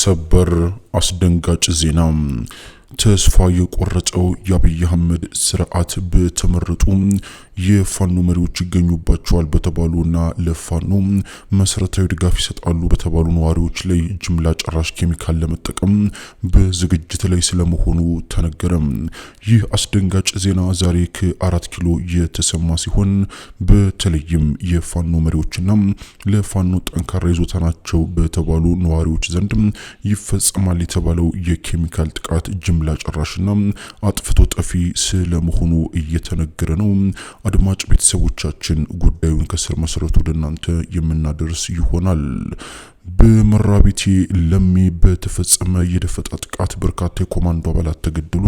ሰበር አስደንጋጭ ዜና ተስፋ የቆረጠው የአብይ አህመድ ስርዓት በተመረጡ የፋኖ መሪዎች ይገኙባቸዋል በተባሉና ለፋኖ መሰረታዊ ድጋፍ ይሰጣሉ በተባሉ ነዋሪዎች ላይ ጅምላ ጨራሽ ኬሚካል ለመጠቀም በዝግጅት ላይ ስለመሆኑ ተነገረም። ይህ አስደንጋጭ ዜና ዛሬ ከአራት ኪሎ የተሰማ ሲሆን በተለይም የፋኖ መሪዎችና ለፋኖ ጠንካራ ይዞታ ናቸው በተባሉ ነዋሪዎች ዘንድ ይፈጸማል የተባለው የኬሚካል ጥቃት ጅምላ ጨራሽና አጥፍቶ ጠፊ ስለመሆኑ እየተነገረ ነው። አድማጭ ቤተሰቦቻችን ጉዳዩን ከስር መሰረቱ ወደ እናንተ የምናደርስ ይሆናል። በመራቤቴ ለሚ በተፈጸመ የደፈጣ ጥቃት በርካታ የኮማንዶ አባላት ተገደሉ።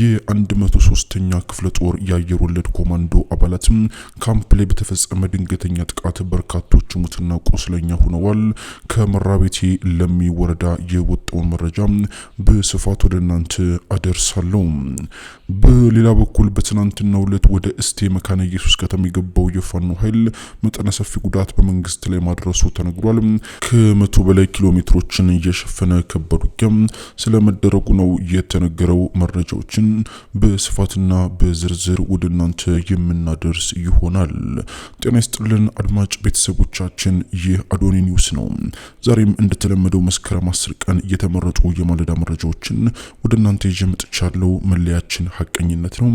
የ103ኛ ክፍለ ጦር የአየር ወለድ ኮማንዶ አባላትም ካምፕ ላይ በተፈጸመ ድንገተኛ ጥቃት በርካቶች ሙትና ቆስለኛ ሆነዋል። ከመራቤቴ ለሚ ወረዳ የወጣውን መረጃ በስፋት ወደ እናንተ አደርሳለሁ። በሌላ በኩል በትናንትናው ዕለት ወደ እስቴ መካነ ኢየሱስ ከተማ የገባው የፋኖ ኃይል መጠነ ሰፊ ጉዳት በመንግስት ላይ ማድረሱ ተነግሯል። ከመቶ በላይ ኪሎ ሜትሮችን እየሸፈነ ከባድ ውጊያም ስለመደረጉ ነው የተነገረው። መረጃዎችን በስፋትና በዝርዝር ወደ እናንተ የምናደርስ ይሆናል። ጤና ይስጥልን አድማጭ ቤተሰቦቻችን፣ ይህ አዶኒ ኒውስ ነው። ዛሬም እንደተለመደው መስከረም አስር ቀን እየተመረጡ የማለዳ መረጃዎችን ወደ እናንተ ይዤ መጥቻለሁ። መለያችን ሀቀኝነት ነው።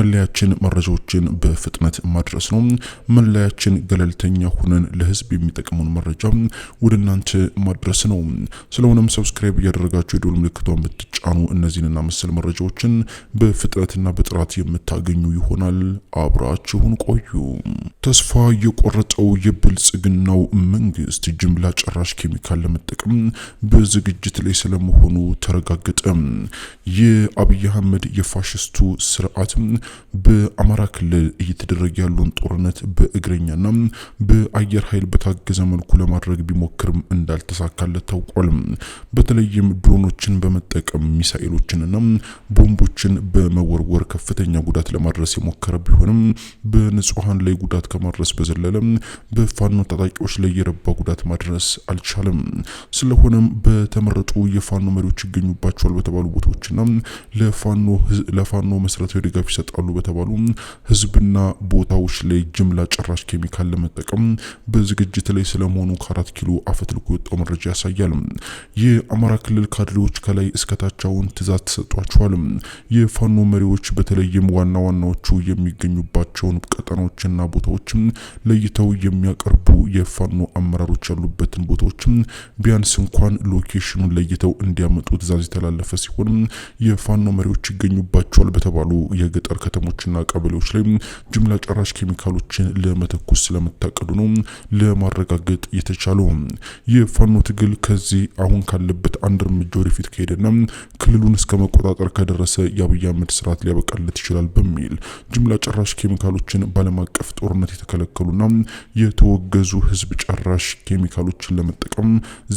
መለያችን መረጃዎችን በፍጥነት ማድረስ ነው። መለያችን ገለልተኛ ሁነን ለህዝብ የሚጠቅመውን መረጃ ወደ ወደ እናንተ ማድረስ ነው። ስለሆነም ሰብስክራይብ እያደረጋችሁ የደወል ምልክቷን ብትጫኑ እነዚህንና መሰል መረጃዎችን በፍጥነትና በጥራት የምታገኙ ይሆናል። አብራችሁን ቆዩ። ተስፋ የቆረጠው የብልጽግናው መንግስት ጅምላ ጨራሽ ኬሚካል ለመጠቀም በዝግጅት ላይ ስለመሆኑ ተረጋገጠ። የአብይ አህመድ የፋሽስቱ ስርዓት በአማራ ክልል እየተደረገ ያለውን ጦርነት በእግረኛና በአየር ኃይል በታገዘ መልኩ ለማድረግ ቢሞክር ቢሞክርም እንዳልተሳካለት ታውቋል። በተለይም ድሮኖችን በመጠቀም ሚሳኤሎችንና ቦምቦችን በመወርወር ከፍተኛ ጉዳት ለማድረስ የሞከረ ቢሆንም በንጹሐን ላይ ጉዳት ከማድረስ በዘለለ በፋኖ ታጣቂዎች ላይ የረባ ጉዳት ማድረስ አልቻለም። ስለሆነም በተመረጡ የፋኖ መሪዎች ይገኙባቸዋል በተባሉ ቦታዎችና ለፋኖ መሰረታዊ ድጋፍ ይሰጣሉ በተባሉ ህዝብና ቦታዎች ላይ ጅምላ ጨራሽ ኬሚካል ለመጠቀም በዝግጅት ላይ ስለመሆኑ ከአራት ኪሎ አፈት መረጃ ያሳያል። የአማራ ክልል ካድሬዎች ከላይ እስከታቻውን ትእዛዝ ተሰጧቸዋል። የፋኖ መሪዎች በተለይም ዋና ዋናዎቹ የሚገኙባቸውን ቀጠናዎችና ቦታዎችም ለይተው የሚያቀርቡ የፋኖ አመራሮች ያሉበትን ቦታዎችም ቢያንስ እንኳን ሎኬሽኑን ለይተው እንዲያመጡ ትእዛዝ የተላለፈ ሲሆን የፋኖ መሪዎች ይገኙባቸዋል በተባሉ የገጠር ከተሞችና ቀበሌዎች ላይ ጅምላ ጨራሽ ኬሚካሎችን ለመተኮስ ስለመታቀዱ ነው ለማረጋገጥ የተቻለው። የፋኖ ትግል ከዚህ አሁን ካለበት አንድ እርምጃ ወደፊት ከሄደና ክልሉን እስከ መቆጣጠር ከደረሰ የአብይ አህመድ ስርዓት ሊያበቃለት ይችላል በሚል ጅምላ ጨራሽ ኬሚካሎችን በዓለም አቀፍ ጦርነት የተከለከሉና የተወገዙ ህዝብ ጨራሽ ኬሚካሎችን ለመጠቀም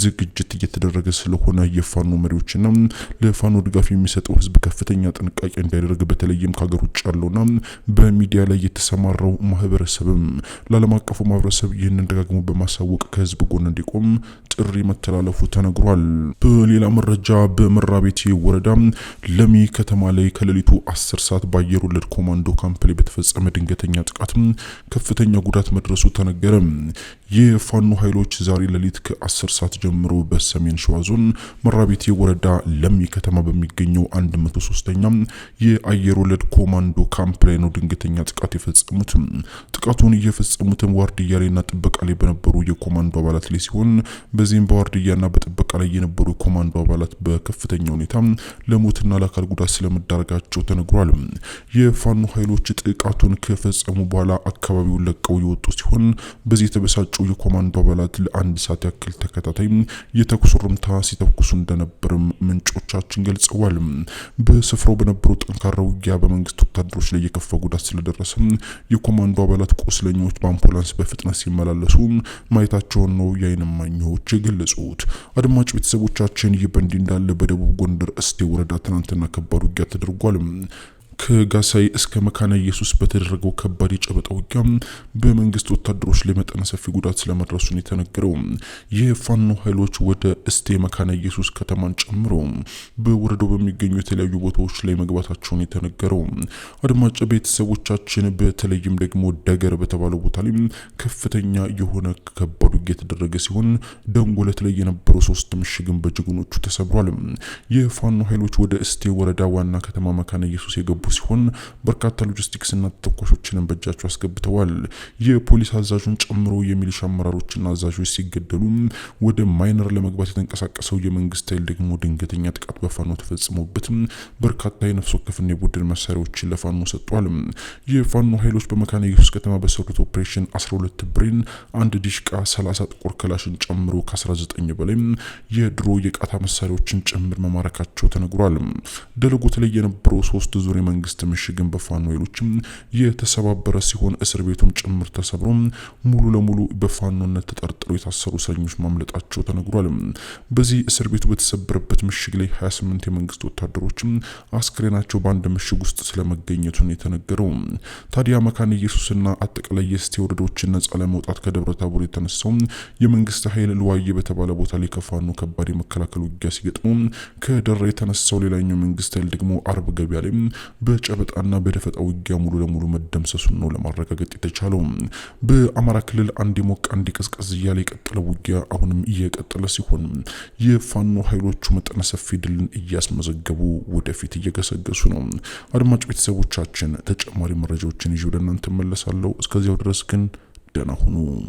ዝግጅት እየተደረገ ስለሆነ የፋኖ መሪዎችና ለፋኖ ድጋፍ የሚሰጠው ህዝብ ከፍተኛ ጥንቃቄ እንዲያደርግ በተለይም ከሀገር ውጭ ያለውና በሚዲያ ላይ የተሰማራው ማህበረሰብም ለዓለም አቀፉ ማህበረሰብ ይህንን ደጋግሞ በማሳወቅ ከህዝብ ጎን እንዲ ቢጠይቁም ጥሪ መተላለፉ ተነግሯል። በሌላ መረጃ በመራቤቴ ወረዳ ለሚ ከተማ ላይ ከሌሊቱ አስር ሰዓት በአየር ወለድ ኮማንዶ ካምፕ ላይ በተፈጸመ ድንገተኛ ጥቃት ከፍተኛ ጉዳት መድረሱ ተነገረ። የፋኖ ኃይሎች ዛሬ ሌሊት ከ10 ሰዓት ጀምሮ በሰሜን ሸዋ ዞን መራቤቴ ወረዳ ለሚ ከተማ በሚገኘው 103ኛ የአየር ወለድ ኮማንዶ ካምፕ ላይ ነው ድንገተኛ ጥቃት የፈጸሙት። ጥቃቱን እየፈጸሙትም ዋርድያ ላይና ጥበቃ ላይ በነበሩ የኮማንዶ አባላት ላይ ሲሆን በ በዚህም በዋርድያና በጥበቃ ላይ የነበሩ የኮማንዶ አባላት በከፍተኛ ሁኔታ ለሞትና ለአካል ጉዳት ስለመዳረጋቸው ተነግሯል። የፋኖ ኃይሎች ጥቃቱን ከፈጸሙ በኋላ አካባቢውን ለቀው የወጡ ሲሆን በዚህ የተበሳጩ የኮማንዶ አባላት ለአንድ ሰዓት ያክል ተከታታይ የተኩስ ርምታ ሲተኩሱ እንደነበርም ምንጮቻችን ገልጸዋል። በስፍራው በነበሩ ጠንካራ ውጊያ በመንግስት ወታደሮች ላይ የከፋ ጉዳት ስለደረሰ የኮማንዶ አባላት ቁስለኞች በአምቡላንስ በፍጥነት ሲመላለሱ ማየታቸውን ነው የአይን እማኞች የገለጹት። አድማጭ ቤተሰቦቻችን ይህ በእንዲህ እንዳለ በደቡብ ጎንደር እስቴ ወረዳ ትናንትና ከባድ ውጊያ ተደርጓል። ከጋሳይ እስከ መካነ ኢየሱስ በተደረገው ከባድ የጨበጣ ውጊያ በመንግስት ወታደሮች ላይ መጠነ ሰፊ ጉዳት ስለመድረሱን የተነገረው የፋኖ ኃይሎች ወደ እስቴ መካነ ኢየሱስ ከተማን ጨምሮ በወረዳው በሚገኙ የተለያዩ ቦታዎች ላይ መግባታቸውን የተነገረው አድማጭ ቤተሰቦቻችን፣ በተለይም ደግሞ ደገር በተባለው ቦታ ላይ ከፍተኛ የሆነ ከባድ ውጊያ የተደረገ ሲሆን ደንጎለት ላይ የነበረው ሶስት ምሽግን በጀግኖቹ ተሰብሯል። የፋኖ ኃይሎች ወደ እስቴ ወረዳ ዋና ከተማ መካነ ኢየሱስ የገቡ ሲሆን በርካታ ሎጂስቲክስና ተተኳሾችንም በእጃቸው አስገብተዋል። የፖሊስ አዛዡን ጨምሮ የሚሊሻ አመራሮችና አዛዦች ሲገደሉ ወደ ማይነር ለመግባት የተንቀሳቀሰው የመንግስት ኃይል ደግሞ ድንገተኛ ጥቃት በፋኖ ተፈጽሞበት በርካታ የነፍስ ወከፍና የቡድን መሳሪያዎችን ለፋኖ ሰጥቷል። የፋኖ ኃይሎች በመካነ ኢየሱስ ከተማ በሰሩት ኦፕሬሽን 12 ብሬን፣ አንድ ዲሽቃ፣ 30 ጥቁር ክላሽን ጨምሮ ከ19 በላይ የድሮ የቃታ መሳሪያዎችን ጭምር መማረካቸው ተነግሯል። ደለጎት ላይ የነበረው ሶስት ዙር መንግስት ምሽግን በፋኖ ኃይሎችም የተሰባበረ ሲሆን እስር ቤቱም ጭምር ተሰብሮ ሙሉ ለሙሉ በፋኖነት ተጠርጥረው የታሰሩ እስረኞች ማምለጣቸው ተነግሯል። በዚህ እስር ቤቱ በተሰበረበት ምሽግ ላይ 28 የመንግስት ወታደሮችም አስክሬናቸው በአንድ ምሽግ ውስጥ ስለመገኘቱን የተነገረው ታዲያ መካነ ኢየሱስና አጠቃላይ የስቴ ወረዳዎችን ነጻ ለመውጣት ከደብረ ታቦር የተነሳው የመንግስት ኃይል ልዋዬ በተባለ ቦታ ላይ ከፋኖ ከባድ የመከላከል ውጊያ ሲገጥሙ ከደራ የተነሳው ሌላኛው መንግስት ኃይል ደግሞ አርብ ገበያ ላይ በጨበጣና በደፈጣ ውጊያ ሙሉ ለሙሉ መደምሰሱን ነው ለማረጋገጥ የተቻለው። በአማራ ክልል አንድ ሞቅ አንድ ቀዝቀዝ እያለ የቀጠለ ውጊያ አሁንም እየቀጠለ ሲሆን የፋኖ ኃይሎቹ መጠነ ሰፊ ድልን እያስመዘገቡ ወደፊት እየገሰገሱ ነው። አድማጭ ቤተሰቦቻችን ተጨማሪ መረጃዎችን ይዤ ወደ እናንተ መለሳለሁ። እስከዚያው ድረስ ግን ደህና ሁኑ።